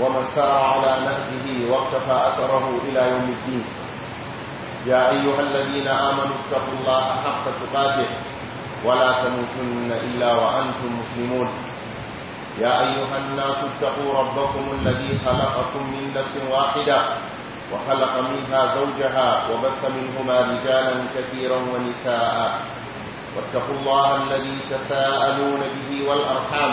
ومن سار على نهجه واقتفى أثره إلى يوم الدين يا أيها الذين آمنوا اتقوا الله حق تقاته ولا تموتن إلا وأنتم مسلمون يا أيها الناس اتقوا ربكم الذي خلقكم من نفس واحدة وخلق منها زوجها وبث منهما رجالا كثيرا ونساء واتقوا الله الذي تساءلون به والأرحام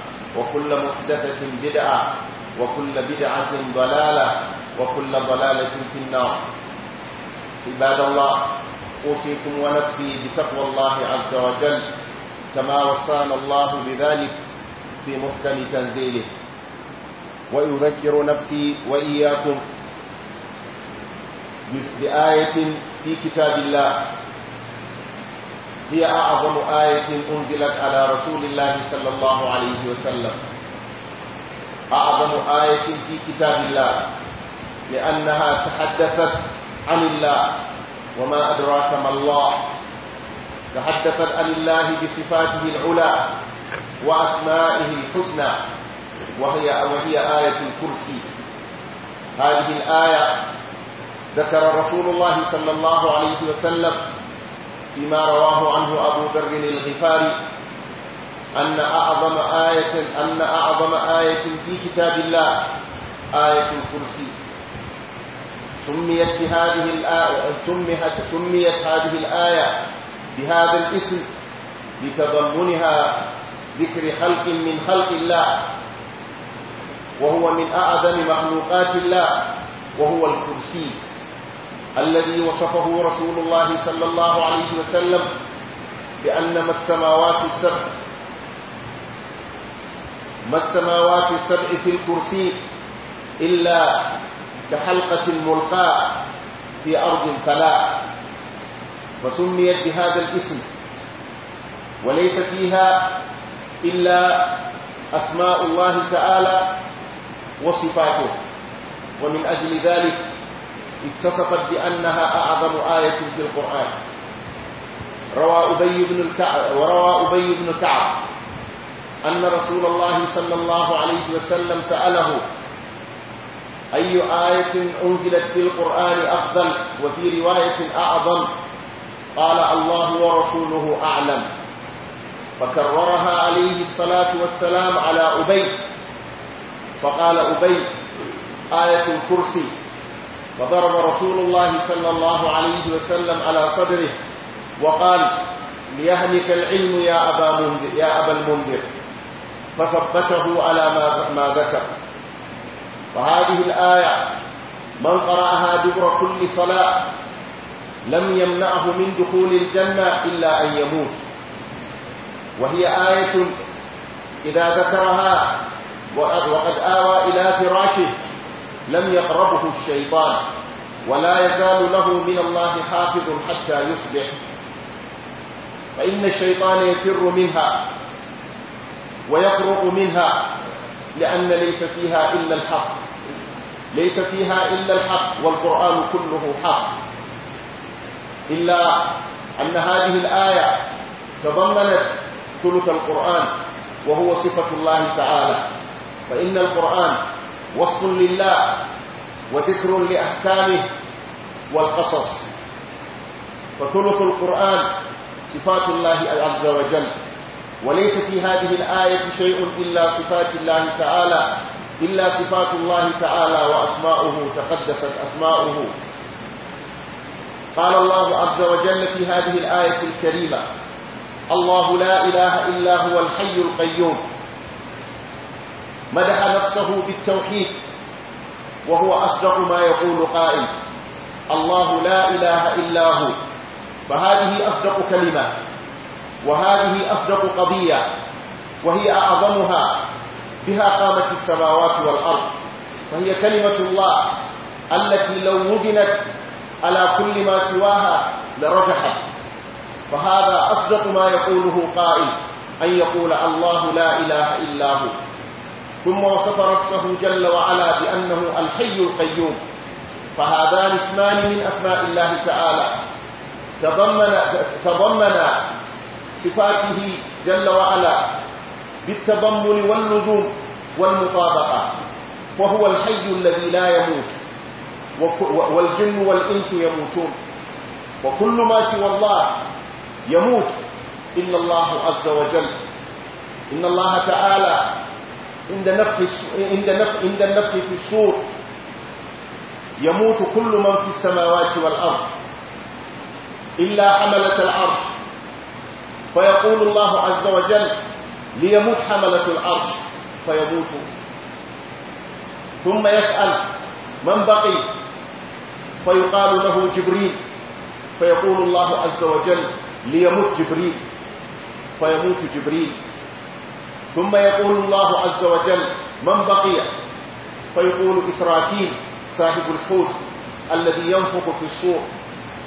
وكل محدثة بدعة وكل بدعة ضلالة وكل ضلالة في النار عباد الله أوصيكم ونفسي بتقوى الله عز وجل كما وصانا الله بذلك في محكم تنزيله ويذكر نفسي وإياكم بآية في كتاب الله هي أعظم آية أنزلت على رسول الله صلى الله عليه وسلم أعظم آية في كتاب الله لأنها تحدثت عن الله وما أدراك ما الله تحدثت عن الله بصفاته العلى وأسمائه الحسنى وهي, وهي آية الكرسي هذه الآية ذكر رسول الله صلى الله عليه وسلم فيما رواه عنه أبو ذر الغفاري أن أعظم آية أن أعظم آية في كتاب الله آية الكرسي سميت بهذه الآية سميت سميت هذه الآية بهذا الاسم لتضمنها ذكر خلق من خلق الله وهو من أعظم مخلوقات الله وهو الكرسي الذي وصفه رسول الله صلى الله عليه وسلم بأن ما السماوات السبع ما السماوات السبع في الكرسي إلا كحلقة ملقاة في أرض الفلاء فسميت بهذا الاسم وليس فيها إلا أسماء الله تعالى وصفاته ومن أجل ذلك اتصفت بأنها أعظم آية في القرآن روى أبي بن الكعب وروى أبي بن كعب أن رسول الله صلى الله عليه وسلم سأله أي آية أنزلت في القرآن أفضل وفي رواية أعظم قال الله ورسوله أعلم فكررها عليه الصلاة والسلام على أبي فقال أبي آية الكرسي فضرب رسول الله صلى الله عليه وسلم على صدره وقال ليهلك العلم يا أبا, منذر يا أبا المنذر فثبته على ما ذكر وهذه الآية من قرأها دبر كل صلاة لم يمنعه من دخول الجنة إلا أن يموت وهي آية إذا ذكرها وقد آوى إلى فراشه لم يقربه الشيطان ولا يزال له من الله حافظ حتى يصبح فإن الشيطان يفر منها ويخرق منها لأن ليس فيها إلا الحق ليس فيها إلا الحق والقرآن كله حق إلا أن هذه الآية تضمنت ثلث القرآن وهو صفة الله تعالى فإن القرآن وصف لله وذكر لأحكامه والقصص فثلث القرآن صفات الله عز وجل وليس في هذه الآية شيء إلا صفات الله تعالى إلا صفات الله تعالى وأسماؤه تقدست أسماؤه قال الله عز وجل في هذه الآية الكريمة الله لا إله إلا هو الحي القيوم مدح نفسه بالتوحيد وهو أصدق ما يقول قائل الله لا إله إلا هو فهذه أصدق كلمة وهذه أصدق قضية وهي أعظمها بها قامت السماوات والأرض فهي كلمة الله التي لو وزنت على كل ما سواها لرجحت فهذا أصدق ما يقوله قائل أن يقول الله لا إله إلا هو ثم وصف نفسه جل وعلا بأنه الحي القيوم فهذان اسمان من أسماء الله تعالى تضمن, تضمن صفاته جل وعلا بالتضمن واللزوم والمطابقة وهو الحي الذي لا يموت والجن والإنس يموتون وكل ما سوى الله يموت إلا الله عز وجل إن الله تعالى عند نفخ عند نفخ عند النفخ في الصور يموت كل من في السماوات والأرض إلا حملة العرش فيقول الله عز وجل ليموت حملة العرش فيموت ثم يسأل من بقي فيقال له جبريل فيقول الله عز وجل ليموت جبريل فيموت جبريل ثم يقول الله عز وجل من بقي فيقول إسرافيل صاحب الحوت الذي ينفق في الصور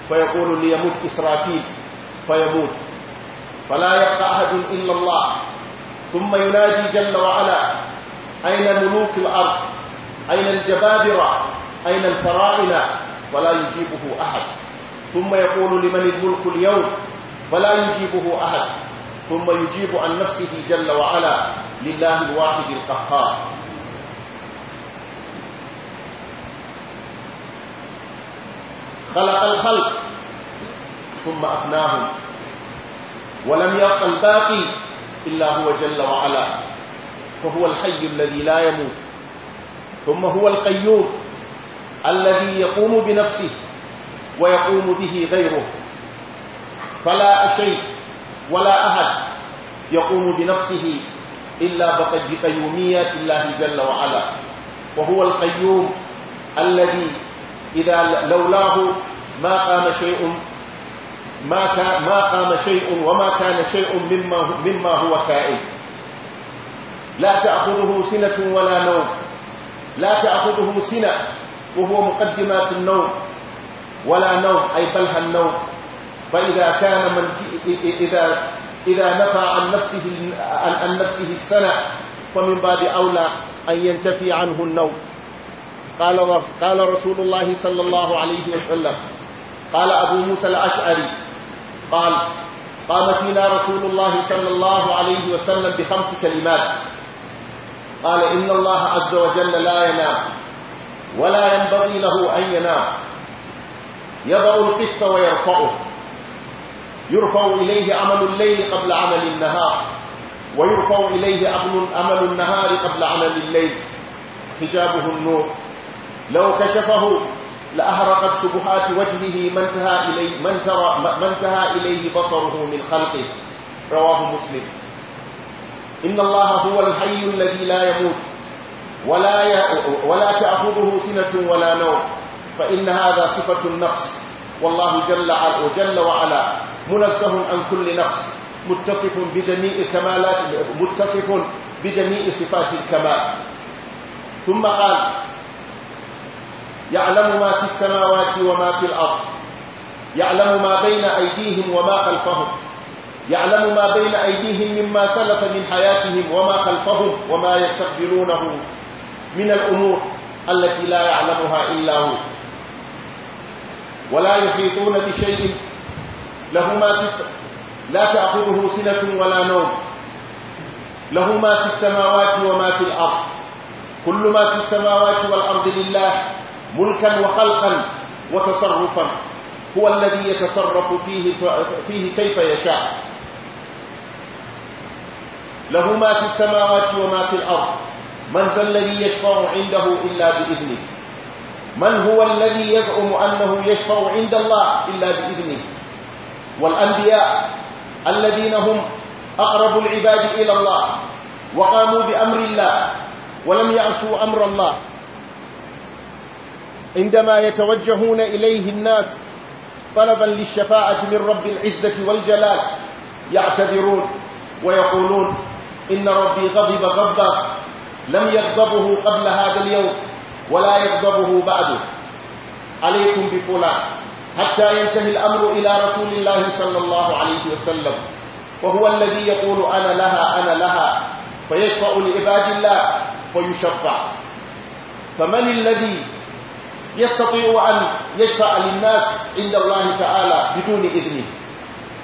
فيقول ليموت إسرافيل فيموت فلا يبقى أحد إلا الله ثم ينادي جل وعلا أين ملوك الأرض أين الجبابرة أين الفراعنة ولا يجيبه أحد ثم يقول لمن الملك اليوم فلا يجيبه أحد ثم يجيب عن نفسه جل وعلا لله الواحد القهار خلق الخلق ثم أبناهم ولم يبق الباقي إلا هو جل وعلا فهو الحي الذي لا يموت ثم هو القيوم الذي يقوم بنفسه ويقوم به غيره فلا شيء ولا أحد يقوم بنفسه إلا بقيومية الله جل وعلا وهو القيوم الذي إذا لولاه ما قام شيء ما ما قام شيء وما كان شيء مما مما هو كائن لا تأخذه سنة ولا نوم لا تأخذه سنة وهو مقدمات النوم ولا نوم أي بلها النوم فإذا كان من إذا إذا نفى عن نفسه عن نفسه السنة فمن باب أولى أن ينتفي عنه النوم قال قال رسول الله صلى الله عليه وسلم قال أبو موسى الأشعري قال قام فينا رسول الله صلى الله عليه وسلم بخمس كلمات قال إن الله عز وجل لا ينام ولا ينبغي له أن ينام يضع القسط ويرفعه يرفع إليه عمل الليل قبل عمل النهار ويرفع إليه عمل النهار قبل عمل الليل حجابه النور لو كشفه لأهرقت شبهات وجهه ما انتهى إليه, من انتهى, ما انتهى إليه بصره من خلقه رواه مسلم إن الله هو الحي الذي لا يموت ولا, ي... ولا تأخذه سنة ولا نوم فإن هذا صفة النقص والله جل, جل وعلا منزه عن كل نقص متصف بجميع كمالات متصف بجميع صفات الكمال ثم قال يعلم ما في السماوات وما في الأرض يعلم ما بين أيديهم وما خلفهم يعلم ما بين أيديهم مما سلف من حياتهم وما خلفهم وما يستقبلونه من الأمور التي لا يعلمها إلا هو ولا يحيطون بشيء له ما في لا تأخذه سنة ولا نوم له ما في السماوات وما في الأرض كل ما في السماوات والأرض لله ملكا وخلقا وتصرفا هو الذي يتصرف فيه, فيه كيف يشاء له ما في السماوات وما في الأرض من ذا الذي يشفع عنده إلا بإذنه من هو الذي يزعم أنه يشفع عند الله إلا بإذنه والأنبياء الذين هم أقرب العباد إلى الله وقاموا بأمر الله ولم يعصوا أمر الله عندما يتوجهون إليه الناس طلبا للشفاعة من رب العزة والجلال يعتذرون ويقولون إن ربي غضب غضبا لم يغضبه قبل هذا اليوم ولا يغضبه بعده عليكم بفلان حتى ينتهي الأمر إلى رسول الله صلى الله عليه وسلم وهو الذي يقول أنا لها أنا لها فيشفع لعباد الله ويشفع فمن الذي يستطيع أن يشفع للناس عند الله تعالى بدون إذنه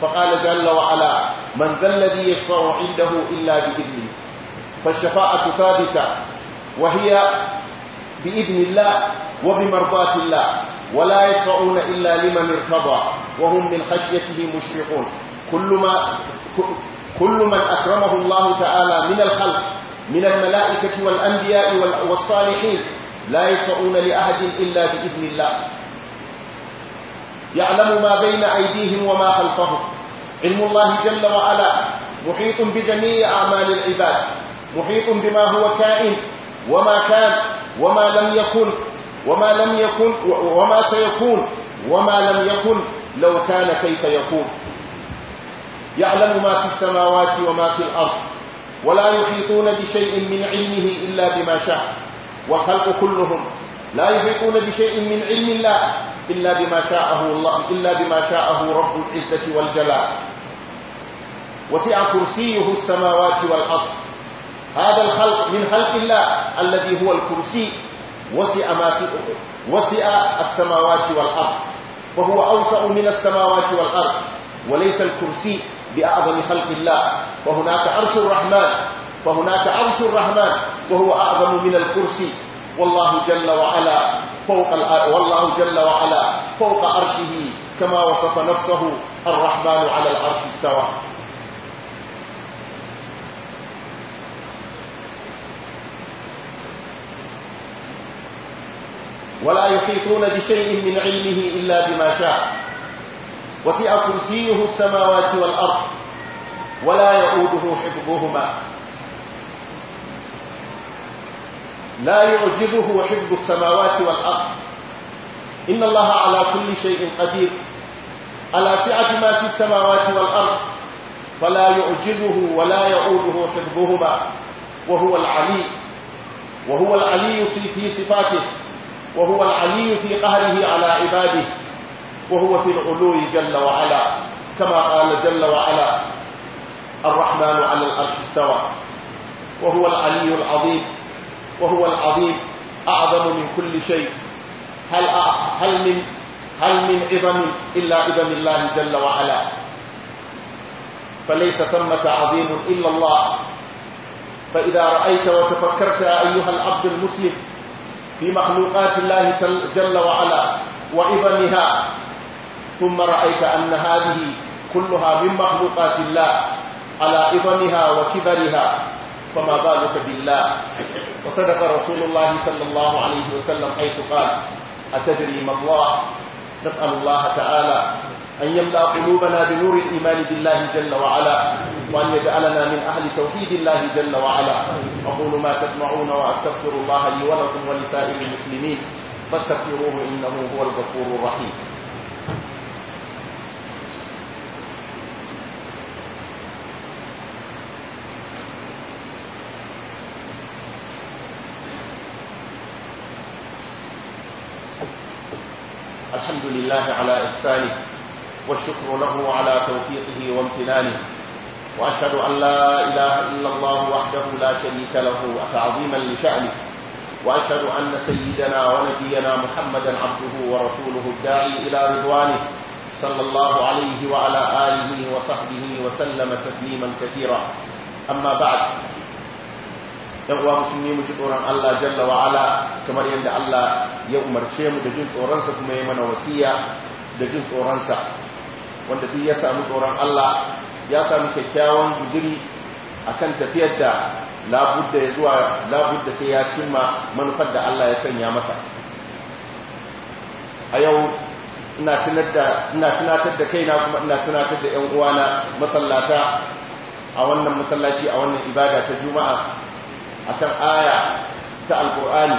فقال جل وعلا من ذا الذي يشفع عنده إلا بإذنه فالشفاعة ثابتة وهي بإذن الله وبمرضاة الله ولا يشفعون إلا لمن ارتضى وهم من خشيته مشفقون كل, ما كل من أكرمه الله تعالى من الخلق من الملائكة والأنبياء والصالحين لا يشفعون لأحد إلا بإذن الله يعلم ما بين أيديهم وما خلفهم علم الله جل وعلا محيط بجميع أعمال العباد محيط بما هو كائن وما كان وما لم يكن وما لم يكن وما سيكون وما لم يكن لو كان كيف يكون يعلم ما في السماوات وما في الأرض ولا يحيطون بشيء من علمه إلا بما شاء والخلق كلهم لا يحيطون بشيء من علم الله إلا بما شاءه الله إلا بما شاءه رب العزة والجلال وسع كرسيه السماوات والأرض هذا الخلق من خلق الله الذي هو الكرسي وسع ما السماوات والأرض فهو أوسع من السماوات والأرض وليس الكرسي بأعظم خلق الله وهناك عرش الرحمن فهناك عرش الرحمن وهو أعظم من الكرسي والله جل وعلا فوق والله جل وعلا فوق عرشه كما وصف نفسه الرحمن على العرش استوى ولا يحيطون بشيء من علمه إلا بما شاء وسع كرسيه السماوات والأرض ولا يؤوده حفظهما لا يعجزه حفظ السماوات والأرض إن الله على كل شيء قدير على سعة ما في السماوات والأرض فلا يعجزه ولا يؤوده حفظهما وهو العلي وهو العلي في صفاته وهو العلي في قهره على عباده وهو في العلو جل وعلا كما قال جل وعلا الرحمن على الأرش استوى وهو العلي العظيم وهو العظيم أعظم من كل شيء هل, هل من هل من عظم إلا عظم الله جل وعلا فليس ثمة عظيم إلا الله فإذا رأيت وتفكرت أيها العبد المسلم في مخلوقات الله جل وعلا وعظمها ثم رأيت أن هذه كلها من مخلوقات الله على عظمها وكبرها فما بالك بالله وصدق رسول الله صلى الله عليه وسلم حيث قال أتدري ما الله نسأل الله تعالى أن يملأ قلوبنا بنور الإيمان بالله جل وعلا وأن يجعلنا من أهل توحيد الله جل وعلا أقول ما تسمعون وأستغفر الله لي ولكم ولسائر المسلمين فاستغفروه إنه هو الغفور الرحيم الحمد لله على إحسانه والشكر له على توفيقه وامتنانه وأشهد أن لا إله إلا الله وحده لا شريك له تعظيما لشأنه وأشهد أن سيدنا ونبينا محمدا عبده ورسوله الداعي إلى رضوانه صلى الله عليه وعلى آله وصحبه وسلم تسليما كثيرا أما بعد ɗan'uwa musulmi mu ji tsoron Allah jalla wa'ala kamar yadda Allah ya umarce mu da jin tsoronsa kuma ya mana wasiya da jin tsoronsa wanda duk ya samu tsoron Allah ya samu kyakkyawan guduri kan tafiyar da labudda ya zuwa labudda sai ya cimma manufar da Allah ya sanya masa a yau ina tunatar da kaina kuma ina tunatar da 'yan uwana masallata a wannan masallaci a wannan ibada ta juma'a a kan aya ta alkur'ani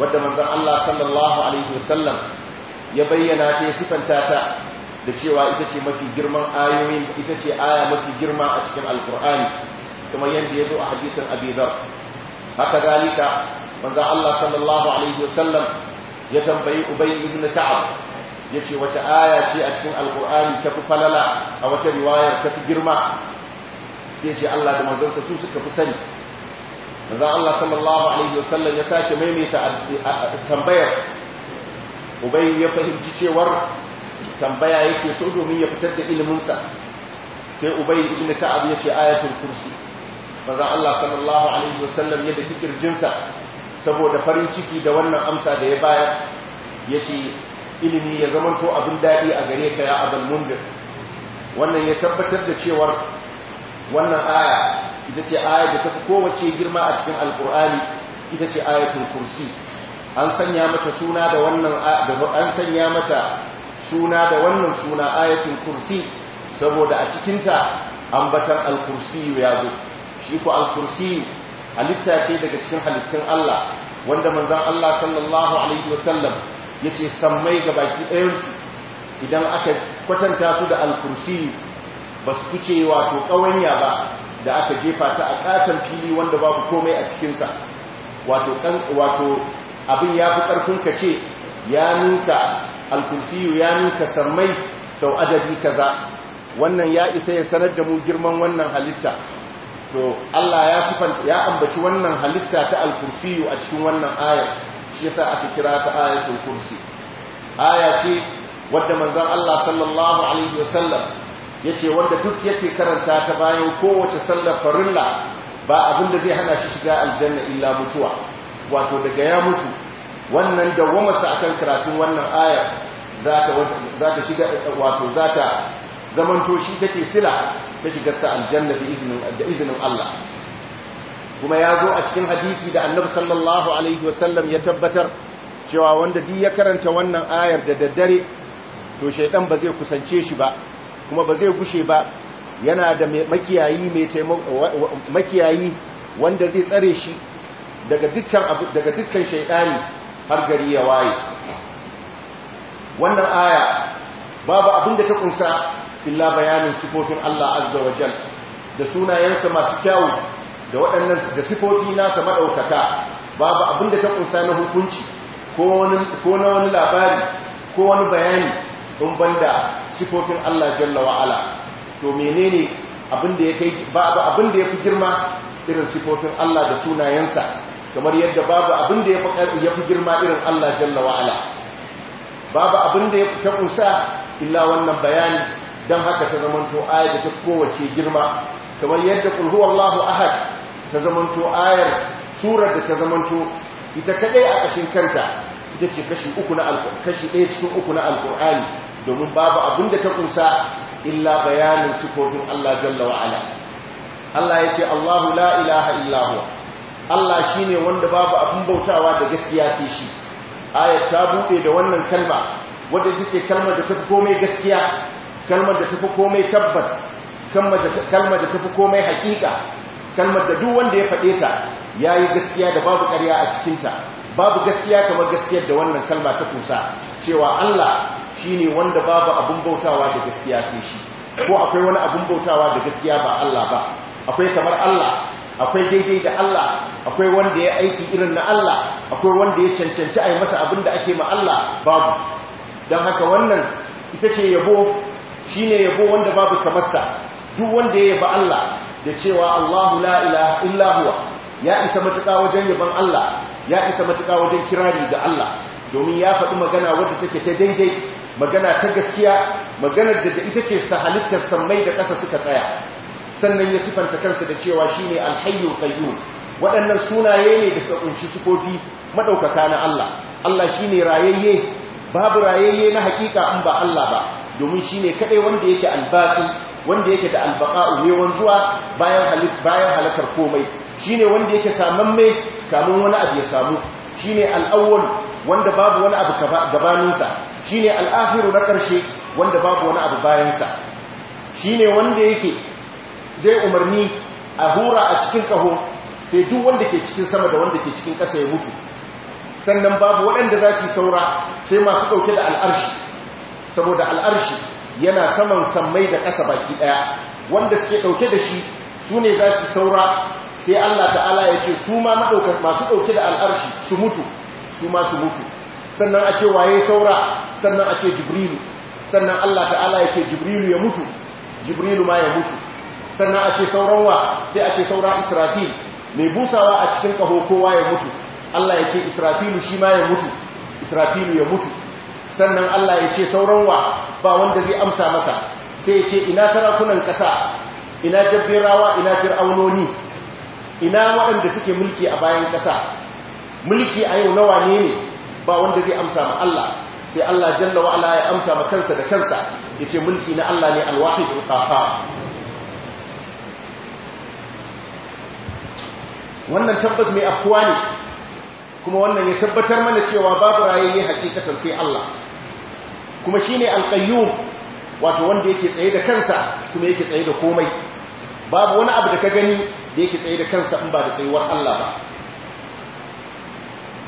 wadda manzon Allah sallallahu alaihi wasallam ya bayyana ta ya sifanta ta da cewa ita ce mafi girman ayoyin ita ce aya mafi girma a cikin alkur'ani kuma yadda ya zo a hadisin abizar haka zalika manzan Allah sallallahu alaihi wasallam ya tambayi ubayi ibn ta'ab ya ce wata aya ce a cikin alkur'ani ta fi falala a wace riwayar ta fi girma sai ce Allah da sa su suka fi sani manzan Allah sallallahu alaihi wasallam ya sake maimaita tambayar ubayi ya fahimci cewar tambaya yake so domin ya fitar da iliminsa sai ubai ibn ta ya ce ayatul kursi manzon Allah sallallahu alaihi wasallam ya da kirjinsa saboda farin ciki da wannan amsa da ya bayar yace ilimi ya zamanto abin dadi a gare ka ya abul mundir wannan ya tabbatar da cewar wannan aya ita ce aya da tafi kowace girma a cikin alkur'ani ita ce ayatul kursi an sanya mata suna da wannan an sanya mata suna da wannan suna ayatul kursi saboda a cikinta ambatan al-kursi ya zo shi ko al-kursi halitta ce daga cikin halittun Allah wanda manzon Allah sallallahu alaihi wasallam yace sammai ɗayan su idan aka kwatanta su da al-kursi ba su kuce wato ƙawanya ba da aka jefa ta a katan fili wanda babu komai a cikinsa wato wato abin yafi fi ƙarfin ka ce ya nuka alkursiyu ya nuka sammai sau adadi kaza wannan ya isa ya sanar da mu girman wannan halitta to Allah ya sifanta ya ambaci wannan halitta ta alkursiyu a cikin wannan aya shi yasa aka kira ta ayatul kursi aya ce wadda manzon Allah sallallahu alaihi wasallam yace wanda duk yake karanta ta bayan kowace sallar farilla ba abin da zai hana shi shiga aljanna illa mutuwa wato daga ya mutu wannan dawwamarsa akan karatun wannan aya za ta shiga wato za ta zamanto shi ta ce sila ta shigarsa aljanna da izinin Allah kuma ya zo a cikin hadisi da annabi sallallahu alaihi wasallam ya tabbatar cewa wanda duk ya karanta wannan ayar da daddare to shaidan ba zai kusance shi ba kuma ba zai gushe ba yana da makiyayi makiyayi wanda zai tsare shi daga dukkan daga dukkan shaidani har gari ya waye wannan aya babu abin da ta kunsa illa bayanin sifofin Allah azza wa jal da sunayensa masu kyawu da waɗannan da sifofi nasa maɗaukaka babu abin da ta kunsa na hukunci ko na wani labari ko wani bayani don da sifofin Allah jalla wa'ala to menene abin da babu abin da ya fi girma irin sifofin Allah da sunayensa kamar yadda babu abin da ya fi girma irin Allah jalla wa'ala babu abin da ya fita kunsa illa wannan bayani don haka ta zamanto aya da ta kowace girma kamar yadda kul ahad ta zamanto ayar surar da ta zamanto ita kadai a kashin kanta ita ce kashi uku na kashi ɗaya cikin uku na alkur'ani domin babu abin da ta ƙusa illa bayanin sifofin Allah jalla wa Allah ya ce Allahu la ilaha illa Allah shine wanda babu abin bautawa da gaskiya sai shi ayat ta buɗe da wannan kalma wadda take kalmar da tafi komai gaskiya kalmar da tafi komai tabbas kalmar da tafi komai hakika kalmar da duk wanda ya fade ta yayi gaskiya da babu ƙarya a cikin ta babu gaskiya kamar gaskiyar da wannan kalma ta kusa cewa Allah shine wanda babu abun bautawa da gaskiya sai shi ko akwai wani abun bautawa da gaskiya ba Allah ba akwai kamar Allah akwai daidai da Allah akwai wanda ya aiki irin na Allah akwai wanda ya cancanci a yi masa abin da ake ma Allah babu don haka wannan ita ce yabo shi ne yabo wanda babu kamarsa duk wanda ya yaba Allah da cewa Allahu la ilaha illahuwa ya isa matuka wajen yaban Allah ya isa matuka wajen kirari ga Allah domin ya faɗi magana wadda take ta daidai magana ta gaskiya maganar da ita ce sa halittar sammai da ƙasa suka tsaya sannan ya sifanta kansa da cewa shine alhayyul qayyum waɗannan sunaye ne da sakunci sifofi maɗaukata na Allah Allah shine rayayye babu rayayye na hakika in ba Allah ba domin shine kaɗai wanda yake albaqi wanda yake da albaka umewan wanzuwa bayan halittar halakar komai shine wanda yake saman mai, kamun wani abu ya samu shine ne wanda babu wani abu gabaninsa shine ne al'afiru na ƙarshe wanda babu wani abu bayansa shine wanda yake zai umarni a hura a cikin ƙaho sai duk wanda ke cikin sama da wanda ke cikin ƙasa ya mutu sannan babu waɗanda za su saura sai masu ɗauke da al'arshi saboda al'arshi yana saman sammai da ƙasa baki ɗaya wanda suke ɗauke da shi su ne za su saura sai Allah ta'ala ya ce su ma masu ɗauke da al'arshi su mutu su ma su mutu sannan a ce waye saura sannan a ce jibrilu sannan Allah ta'ala ya ce jibrilu ya mutu jibrilu ma ya mutu sannan a ce sauran sai a ce saura israfil mai busawa a cikin kaho kowa ya mutu Allah ya ce israfilu shi ma ya mutu israfilu ya mutu sannan Allah ya ce saurawa ba wanda zai amsa masa sai ya ce ina sarakunan ƙasa ina jabberawa ina fir'aunoni ina waɗanda suke mulki a bayan ƙasa mulki a yau nawa ne ne ba wanda zai amsa ma Allah sai Allah jalla wa'ala ya amsa ma kansa da kansa ya ce mulki na Allah ne alwahidul qahhar wannan tabbas mai afuwa ne kuma wannan ya tabbatar mana cewa babu rayayye hakikatan sai Allah kuma shine alƙayyu wato wanda yake tsaye da kansa kuma yake tsaye da komai babu wani abu da ka gani da yake tsaye da kansa in ba da tsayuwar Allah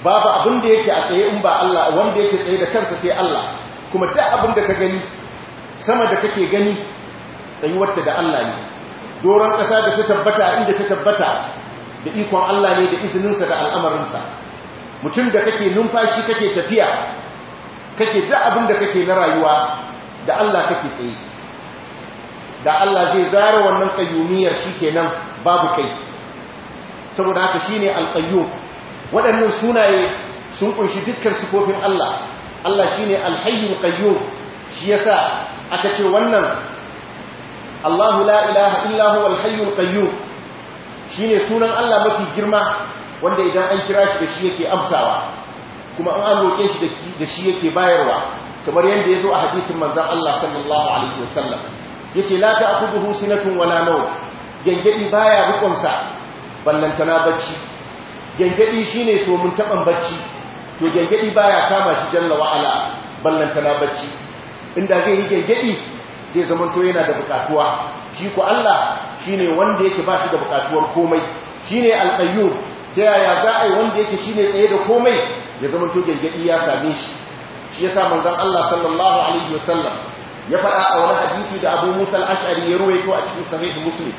ba babu abin da yake a tsaye in ba Allah wanda yake tsaye da kansa sai Allah kuma duk abin da ka gani sama da kake gani tsayuwarta da Allah ne doron ƙasa da ta tabbata inda ta tabbata da ikon Allah ne da izininsa da al'amarinsa mutum da kake numfashi kake tafiya kake da abin da kake na rayuwa da Allah kake tsaye da Allah zai zara wannan kayyumiyar shi kenan babu kai saboda haka shine alqayyum waɗannan sunaye sun ƙunshi dukkan kofin Allah Allah shi ne alhayyun qayyum shi ya sa aka ce wannan Allahu la ilaha illahu alhayyul Shi ne sunan Allah mafi girma wanda idan an kira shi da shi yake amsawa kuma an an roƙe shi da shi yake bayarwa kamar yadda ya zo a hadisin manzan Allah sallallahu alaihi wasallam yace lata ta'khudhuhu sinatun wala nawm gangadi baya rikonsa ballantana bacci gangadi ne so mun taɓa bacci to gangadi baya kama shi jalla wa'ala ballantana bacci inda zai yi gangadi zai zamanto yana da bukatuwa shi ku Allah shine wanda yake ba shi da bukatuwar komai shine alqayyum ta yaya za a yi wanda yake shine tsaye da komai ya zama to gaggadi ya same shi shi yasa manzon Allah sallallahu alaihi wasallam ya faɗa a wani hadisi da Abu Musa al-Ash'ari ya ruwaito a cikin sahih Muslim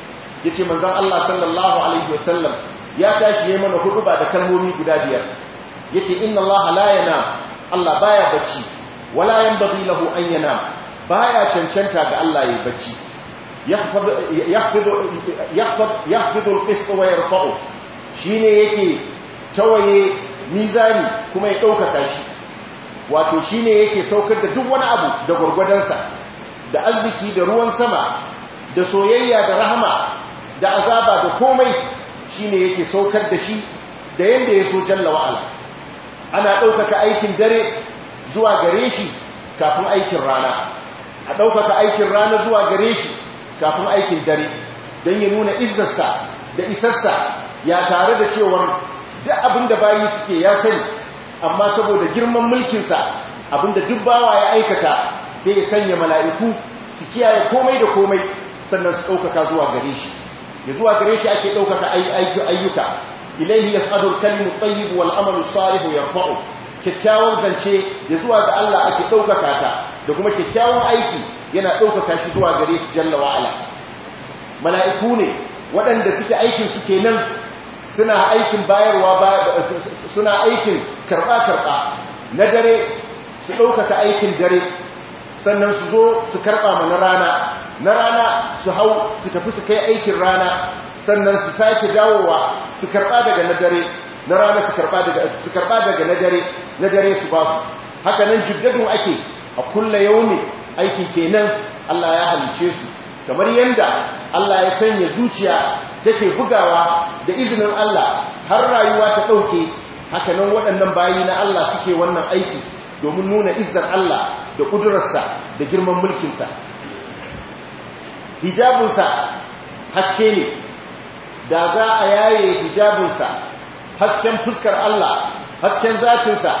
yace manzon Allah sallallahu alaihi wasallam ya tashi ya mana ba da kalmomi guda biyar yace inna Allah la yanam Allah baya bacci wala yanbaghi lahu an yanam baya cancanta ga Allah ya bacci يخفض يخفض يخفض يخفض القسط ويرفعه shine tawaye mizani kuma ya ɗaukaka shi wato shine yake saukar da duk wani abu da gwargwadonsa da arziki da ruwan sama da soyayya da rahama da azaba da komai shine yake saukar da shi da yadda ya so jalla wa'ala ana ɗaukaka aikin dare zuwa gare shi kafin aikin rana a ɗaukaka aikin rana zuwa gare shi kafin aikin dare don ya nuna izarsa da isarsa ya tare da cewar duk abinda da bayi suke ya sani amma saboda girman mulkinsa abin da duk bawa ya aikata sai ya sanya mala'iku su kiyaye komai da komai sannan su ɗaukaka zuwa gare shi ya zuwa gare shi ake ɗaukaka ayyuka ilaihi ya tsadar kalmi tsayi amalu salihu ya fa'o kyakkyawar zance ya zuwa ga Allah ake ɗaukaka ta da kuma kyakkyawan aiki yana ɗaukaka shi zuwa gare su jalla wa'ala mala'iku ne waɗanda suke aikin su nan suna aikin bayarwa suna aikin karɓa-karɓa na dare su ɗaukaka aikin dare sannan su zo su karɓa ma na rana na rana su hau su tafi su kai aikin rana sannan su sake dawowa su karɓa daga na dare na rana su karɓa daga na dare na dare su ba su haka nan ake a kulla ne aiki kenan Allah ya halice su kamar yadda Allah ya sanya zuciya take bugawa da izinin Allah har rayuwa ta ɗauke, haka nan waɗannan bayi na Allah suke wannan aiki domin nuna izzar Allah da ƙudurarsa da girman mulkinsa hijabinsa haske ne da za a yaye hijabinsa hasken fuskar Allah hasken zatinsa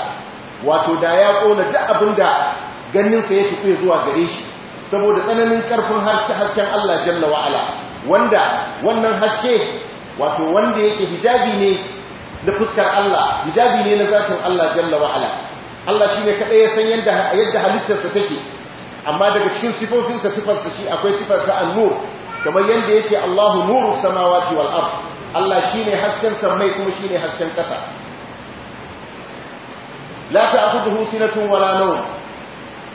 wato da ya ƙona duk abin da ganinsa ya tuku zuwa gare shi saboda tsananin karfin hasken Allah jalla wa'ala wanda wannan haske wato wanda yake hijabi ne na fuskar Allah hijabi ne na zatin Allah jalla wa'ala Allah shi ne kaɗai ya san yadda halittarsa take amma daga cikin sifofinsa sifarsa shi akwai sifarsa nur. kamar yadda ya ce Allahu nuru samawati wal ard Allah shi ne hasken sammai kuma shi ne hasken ƙasa la ta'khudhuhu sinatun wala nawm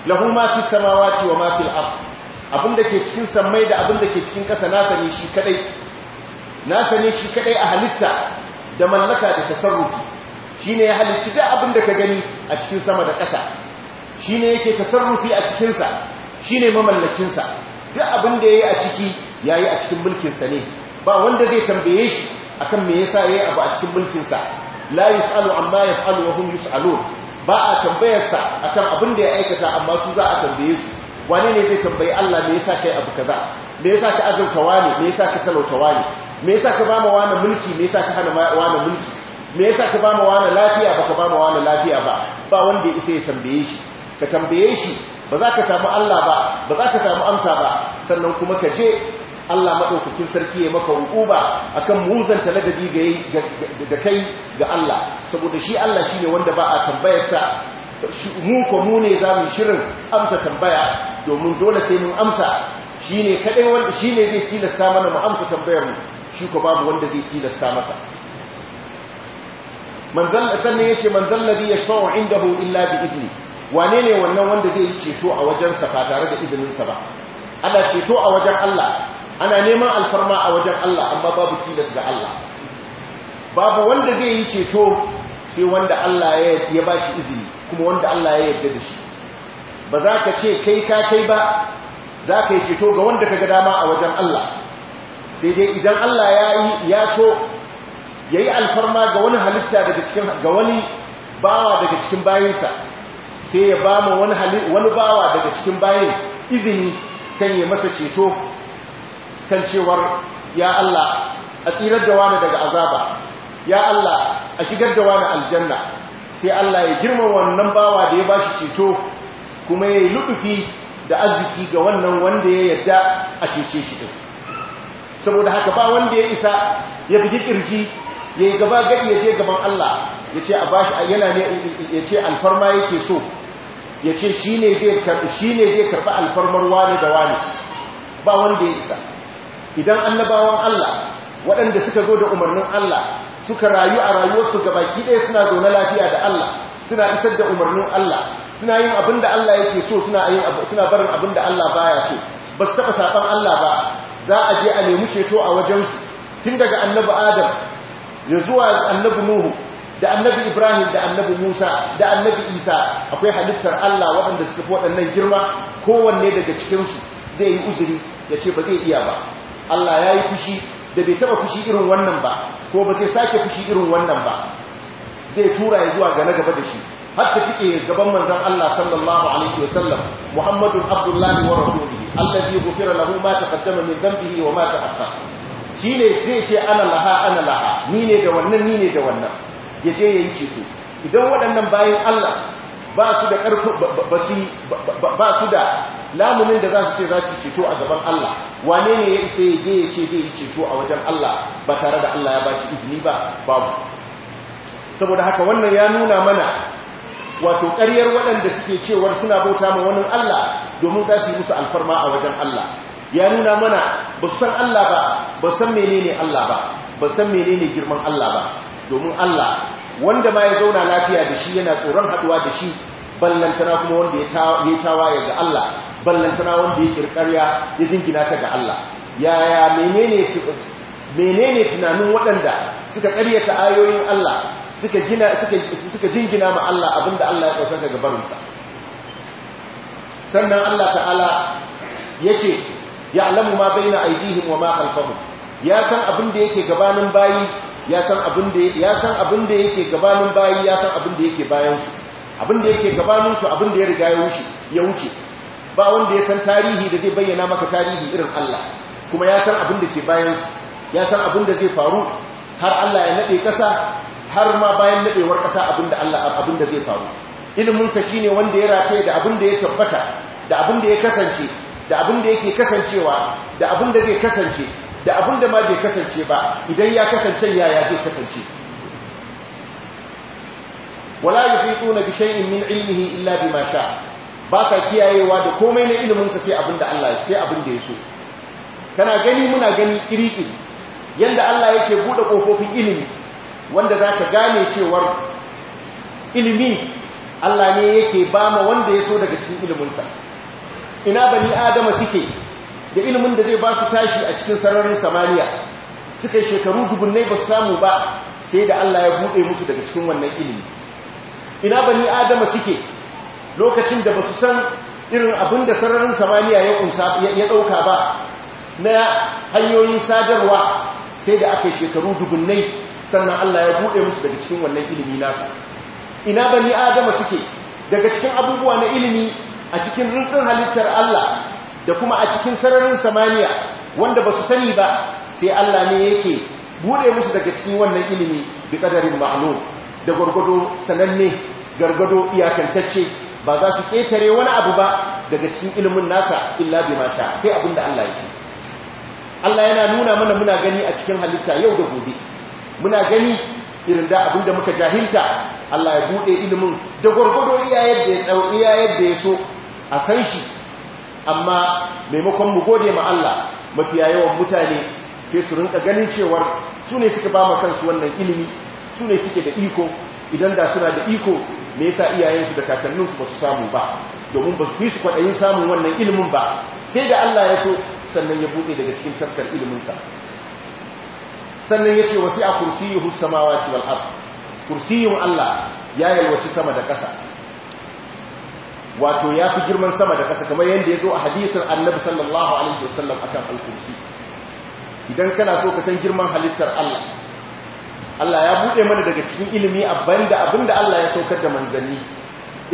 lahu ma fi samawati wa ma fil da ke cikin samai da abun da ke cikin ƙasa na ne shi kadai na sani shi kadai a halitta da mallaka da tasarrufi shine ya halicci duk abin da ka gani a cikin sama da ƙasa shine yake tasarrufi a cikin sa shine mamallakin sa duk abin da yayi a ciki yayi a cikin mulkin sa ne ba wanda zai tambaye shi akan me yasa yayi abu a cikin mulkin sa la yusalu amma yasalu wa hum yusalun ba a tambayarsa kan abin da ya aikata amma su za a tambaye su wane ne zai tambayi Allah me yasa kai abu kaza me yasa ka azurta wani me yasa ka talauta wani me yasa ka bama wani mulki me yasa ka hana wani mulki me yasa ka bama wani lafiya baka bama wani lafiya ba ba wanda ya isa ya tambaye shi ka tambaye shi ba za ka samu Allah ba ba za ka samu amsa ba sannan kuma ka je Allah maɗaukakin sarki ya maka hukuba akan muzanta ladabi da kai ga Allah saboda shi Allah shi ne wanda ba a tambayarsa mu ko mu ne za mu shirin amsa tambaya domin dole sai mun amsa ne kaɗai wanda ne zai tilasta mana mu amsa tambayar mu shi ko babu wanda zai tilasta masa manzal sannan yace manzal ladhi yashfa'u indahu illa bi idni wane ne wannan wanda zai yi ceto a wajensa ba tare da izininsa ba ana ceto a wajen Allah ana neman alfarma a wajen Allah amma babu tilas ga Allah babu wanda zai yi ceto sai wanda Allah ya ba shi izini kuma wanda Allah ya yarda da shi ba za ka ce kai ka kai ba za ka yi ceto ga wanda ka ga dama a wajen Allah sai dai idan Allah ya yi ya so ya yi alfarma ga wani halitta daga cikin ga wani bawa daga cikin bayinsa sai ya ba mu wani bawa daga cikin bayin izini kan yi masa ceto kan cewar ya Allah a tsirar da wani daga azaba ya Allah a shigar da wani aljanna sai Allah ya girma wannan bawa da ya ba shi ceto kuma ya yi luɗufi da arziki ga wannan wanda ya yadda a cece shi ɗin saboda haka ba wanda ya isa ya fi kirji ya yi gaba gadi ya je gaban Allah ya ce a yana ne ya ce alfarma yake so ya ce shi ne zai karɓi alfarmar wani da wani ba wanda ya isa idan annabawan Allah waɗanda suka zo da umarnin Allah suka rayu a rayuwarsu baki ɗaya suna zaune lafiya da Allah suna isar da umarnin Allah suna yin abin da Allah yake so suna barin abin da Allah baya so ba su taɓa saɓan Allah ba za a je a nemi ceto a wajensu tun daga annabi Adam ya zuwa annabi Nuhu da annabi Ibrahim da annabi Musa da annabi Isa akwai halittar Allah waɗanda suka fi waɗannan girma kowanne daga cikinsu zai yi uzuri ya ce ba zai iya ba Allah ya yi fushi da bai taba fushi irin wannan ba ko ba zai sake fushi irin wannan ba zai tura ya zuwa ga na gaba da shi har ta fike gaban manzan Allah sallallahu alaihi wasallam Muhammadu Abdullahi wa rasulihi alladhi ghufira lahu ma taqaddama min dhanbihi wa ma ta'akhkhara shi ne zai ce ana laha ana laha ni ne da wannan ni ne da wannan ya je ya yi ceto idan waɗannan bayan Allah ba su da ƙarfi ba su da lamunin da za su ce za su ceto a gaban Allah wane ne ya isa ya je ya ce zai yi ceto a wajen Allah ba tare da Allah ya ba shi izini ba babu saboda haka wannan ya nuna mana wato ƙaryar waɗanda suke cewar suna bauta ma wani Allah domin za su yi musu alfarma a wajen Allah ya nuna mana ba su san Allah ba ba san menene Allah ba ba san menene girman Allah ba domin Allah wanda ma ya zauna lafiya da shi yana tsoron haduwa da shi ballantana kuma wanda ya tawaye ga Allah ballantana wanda ya kirkarya ya jingina ta ga Allah yaya menene tunanin waɗanda suka ƙaryata ayoyin Allah suka jingina ma Allah abinda Allah ya ɗaukaka ga barinsa sannan Allah ta'ala ya ce ya alamu ma bai na aidihim wa ma ya san abinda yake gabanin bayi ya san abin da ya san abin da yake gabanin bayi ya san abin da yake bayan su abin da yake gabanin su abin da ya riga ya wuce ya wuce ba wanda ya san tarihi da zai bayyana maka tarihi irin Allah kuma ya san abin da ke bayan su ya san abin da zai faru har Allah ya nade kasa har ma bayan nadewar kasa abin da Allah abin da zai faru ilimin sa shine wanda ya race da abin da ya tabbata da abin da ya kasance da abin da yake kasancewa da abin da zai kasance da abin da ma bai kasance ba idan ya kasance yaya zai kasance wala yuhituna bi shay'in min ilmihi illa bima sha ba sa kiyayewa da komai na ilimin sa sai abin da Allah sai abin da ya so kana gani muna gani kiriki yanda Allah yake bude kofofin ilimi wanda za ka gane cewar ilimi Allah ne yake bama wanda ya so daga cikin ilimin sa ina bani adama suke da ilimin da zai ba su tashi a cikin sararin samaniya suka yi shekaru dubunnai ba su samu ba sai da Allah ya buɗe musu daga cikin wannan ilimi ina ba ni adama suke lokacin da ba su san irin abin da sararin samaniya ya ɗauka ba na hanyoyin sadarwa sai da aka yi shekaru dubunnai sannan Allah ya buɗe musu daga cikin wannan ilimi nasa ina ni adama suke daga cikin abubuwa na ilimi a cikin rinsin halittar Allah da kuma a cikin sararin samaniya wanda ba su sani ba sai Allah ne yake bude musu daga cikin wannan ilimi bi kadarin ma'lum da gargado sananne gargado iyakantacce ba za su ketare wani abu ba daga cikin ilimin nasa illa bi ma sha sai abin Allah ya ce Allah yana nuna mana muna gani a cikin halitta yau da gobe muna gani irin da abin da muka jahilta Allah ya bude ilimin da gargado iya yadda ya iyayen da ya so a san shi amma maimakon mu gode ma Allah mafiya yawan mutane sai su rinka ganin cewar su ne suka ba kansu wannan ilimi su ne suke da iko idan da suna da iko me yasa iyayensu da kakanninsu ba su samu ba domin ba su fi su kwaɗayin samun wannan ilimin ba sai da Allah ya so sannan ya buɗe daga cikin taskar iliminsa sannan ya ce wasi a kursiyi husamawa ab kursiyun Allah ya yalwaci sama da ƙasa wato ya fi girman sama da kasa kamar yadda ya zo a hadisin annabi sallallahu alaihi wasallam akan alkursi idan kana so ka san girman halittar Allah Allah ya buɗe mana daga cikin ilimi abin da abin da Allah ya saukar da manzanni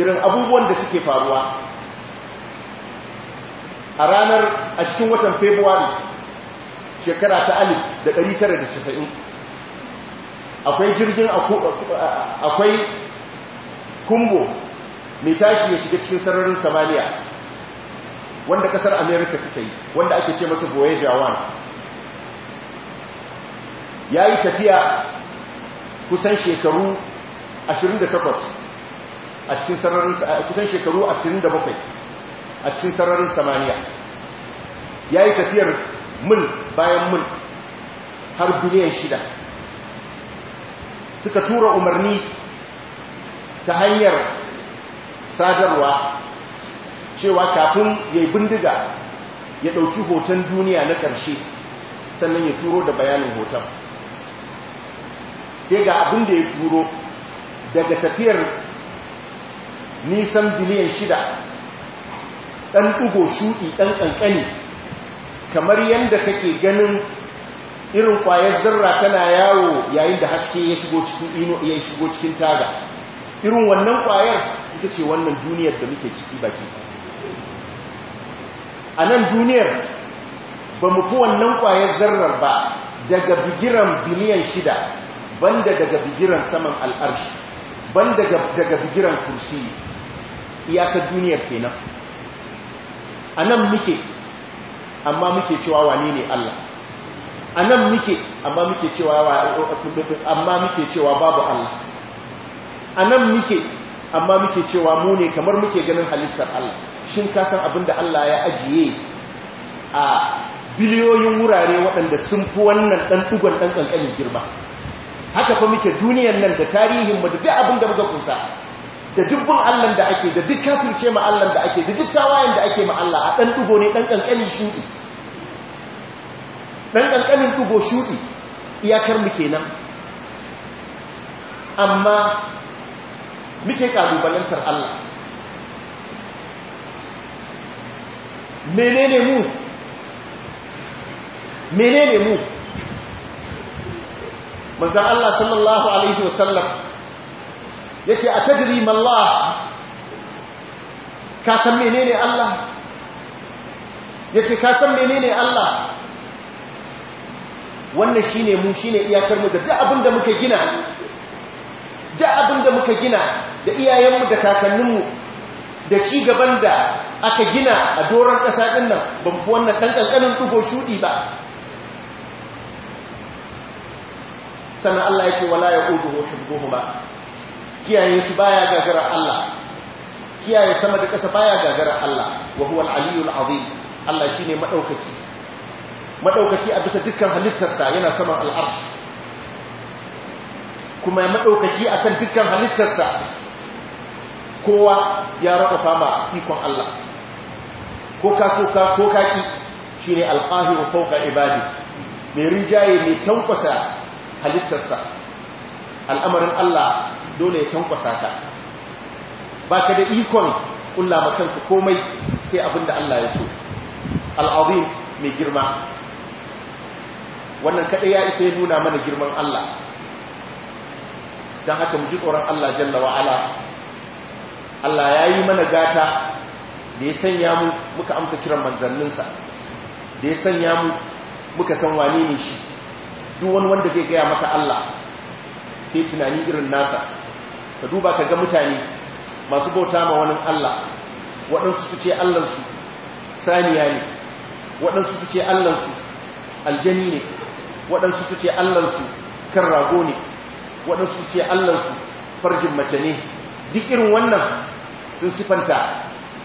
irin abubuwan da suke faruwa a ranar a cikin watan February shekara ta alif da tara 1990 akwai jirgin akwai kumbo mai tashi ya shiga cikin sararin samaniya wanda kasar america suka yi wanda ake ce masa voyager 1 ya yi tafiya kusan shekaru 28 a cikin sararin kusan shekaru 27 a cikin sararin samaniya ya yi tafiyar mil bayan mil har biliyan shida suka tura umarni ta hanyar sadarwa cewa kafin ya bindiga ya ɗauki hoton duniya na ƙarshe sannan ya turo da bayanin hoton sai ga abin da ya turo daga tafiyar nisan biliyan shida ɗan ɗugo shuɗi ɗan ƙanƙani kamar yadda kake ganin irin ƙwayar zarra tana yawo yayin da haske ya shigo cikin taga irin wannan ƙwayar ita ce wannan duniyar da muke ciki baki a nan duniyar ba mu fi wannan kwayar zarrar ba daga bigiran biliyan shida banda daga bigiran saman al'arshi banda daga bigiran kursi iyakar duniyar kenan a nan muke amma muke cewa wane ne Allah a nan muke amma muke cewa babu Allah a nan muke amma muke cewa mu ne kamar muke ganin halittar Allah shin ka san abin da Allah ya ajiye a biliyoyin wurare waɗanda sun fi wannan ɗan ɗugon ɗan ƙanƙanin girma haka fa muke duniyar nan da tarihin mu da duk abin da muka kusa da dubbin Allah da ake da duk kafirce ma Allah da ake da duk tawayen da ake ma Allah a ɗan ɗugo ne ɗan ƙanƙanin shuɗi ɗan ƙanƙanin ɗugo shuɗi iyakar mu kenan amma muke kalubalantar Allah menene mu menene mu manzo Allah sallallahu alaihi wasallam ya ce a tajiri mallah ka san menene Allah ya ce ka san menene Allah wannan shine mu shine iyakar mu da duk abin da muke gina da abin da muka gina da iyayenmu da kakanninmu da ci gaban da aka gina a doron ƙasa ɗin nan ban fi wannan ɗan ƙanƙanin ɗugo shuɗi ba sannan Allah ya ce wala ya ƙudu hoton ba. kiyaye su baya gagarar Allah kiyaye sama da ƙasa baya gagarar Allah wa huwa al-aliyul azim Allah shine madaukaki madaukaki a bisa dukkan halittarsa yana saman al’arsu kuma ya maɗaukaki a kan dukkan halittarsa kowa ya raɓa fama ikon Allah ko ka so ka ko ka ki, shi ne alƙahiru fauka ibadi mai rinjaye mai tankwasa halittarsa al'amarin Allah dole ya tankwasa ka ba ka da ikon ƙulla makanka komai sai da Allah ya so al'azim mai girma wannan kaɗai ya isa ya nuna mana girman Allah don haka mu ji tsoron Allah jalla wa'ala Allah ya yi mana gata da ya sanya mu muka amsa kiran manzanninsa da ya sanya mu muka san wane ne shi duk wani wanda zai gaya maka Allah sai tunani irin nasa ka duba ka ga mutane masu bauta ma wani Allah waɗansu su ce Allahnsu saniya ne waɗansu su ce Allahnsu aljani ne waɗansu su ce Allahnsu kan rago ne waɗansu ce allansu farjin mace ne duk irin wannan sun sifanta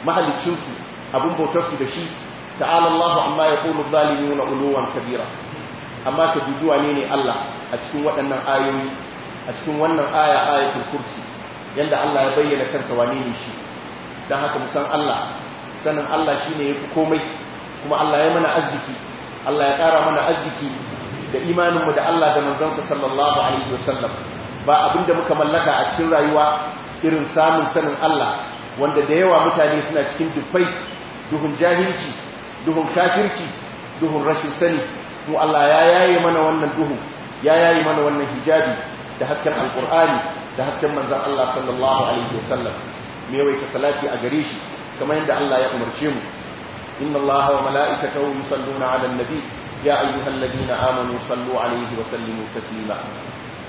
mahalicinsu abin bautarsu da shi ta'ala Allahu amma ya kunu zalimi na uluwan kabira amma ka duduwa ne ne Allah a cikin waɗannan ayoyi a cikin wannan aya ayatul kursi yanda Allah ya bayyana kansa wane ne shi dan haka mu san Allah sanin Allah shine yafi komai kuma Allah ya mana arziki Allah ya ƙara mana arziki da imaninmu da Allah da manzansa sallallahu alaihi wasallam ba abin da muka mallaka a cikin rayuwa irin samun sanin Allah wanda da yawa mutane suna cikin dufai duhun jahilci duhun kafirci duhun rashin sani mu Allah ya yaye mana wannan duhu ya yaye mana wannan hijabi da hasken alkur'ani da hasken manzon Allah sallallahu alaihi wasallam me wai ta salati a gare shi kamar yadda Allah ya umarce mu inna Allah wa mala'ikatahu yusalluna 'alan nabi ya ayyuhalladhina amanu sallu 'alaihi wa sallimu taslima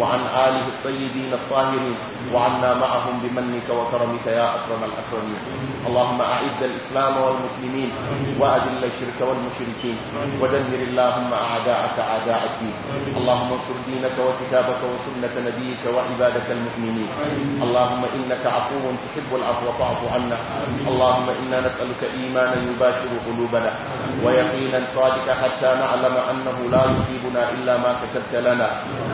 وعن آله الطيبين الطاهرين وعنا معهم بمنك وكرمك يا أكرم الأكرمين اللهم أعز الإسلام والمسلمين وأذل الشرك والمشركين ودمر اللهم أعداءك أعداء الدين اللهم انصر دينك وكتابك وسنة نبيك وعبادك المؤمنين اللهم إنك عفو تحب العفو فاعف عنا اللهم إنا نسألك إيمانا يباشر قلوبنا ويقينا صادقا حتى نعلم أنه لا يصيبنا إلا ما كتبت لنا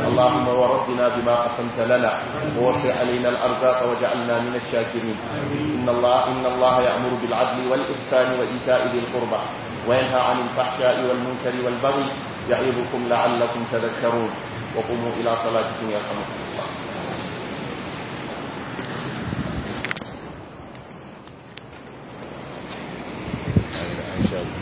اللهم وردنا بما قسمت لنا ووسع علينا الأرزاق وجعلنا من الشاكرين إن الله, إن الله يأمر بالعدل والإحسان وإيتاء ذي القربى وينهى عن الفحشاء والمنكر والبغي يعظكم لعلكم تذكرون وقوموا إلى صلاتكم يرحمكم الله Thank you.